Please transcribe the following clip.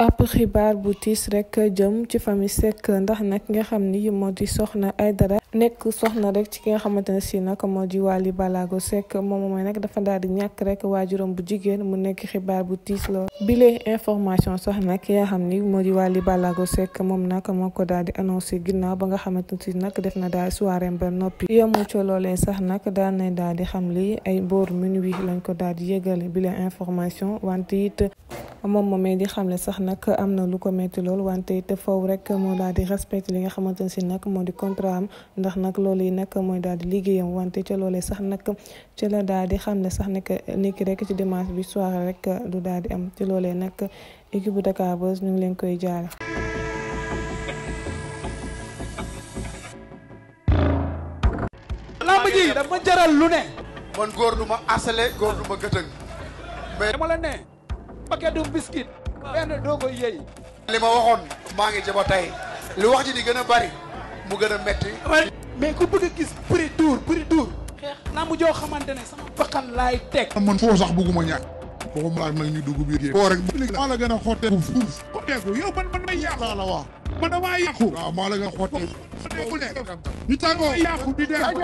ab xibaar bu tiis rek jëm ci famille Seck ndax nag nga xam ni moo di soxna ay dara nekk soxna rek ci ki nga xamante ne si nag moo di Wally Ballago Seck moom mooy nag dafa daal di ñàkk rek waajuram bu jigéen mu nekk xibaar bu tiis lool bile information sax nag ki nga xam ni moo di Wally Ballago Seck moom nag moo ko daal di annoncé ginnaaw ba nga xamante ne si nag def na daal soirée ba noppi yemu ci loolee sax nag daal na daal di xam li ay boor minuit lañ ko daal di yëgale bile information wante it moom moomee di xamle sax nag am na lu ko metti lool wante te foofu rek moo daal di respecté li nga xamante ne si nag moo di contrat am ndax nag loolu yi nag mooy daal di liggéeyam wante ca loolee sax nag ci la daal di xamle sax nag nekki rek ci dimanche bi soir rek du daal di am ci loolee nag équipe bu Dakar Buzz ñu leen koy jaale. lamb lu ne. man góor du asale góor du ma paquet du biscuit. benn doo ko yëy. li ma waxoon maa ngi jaba tey li wax ji di gën a bari mu gën a metti mais ku bëgg a gis prix duur prix duur. xeex naa mu joo xamante ne sama bakkan laay teg. man foo sax bëgguma ñàkk. waxuma laaj nag ñu dugg biir. foo rek léegi maa la gën a xotteeku fuuf. xotteeku yow man man may yàqu. la wax man damaa yàqu. waaw maa la gën a xotteeku. ñu tàngoo yàqu di dee.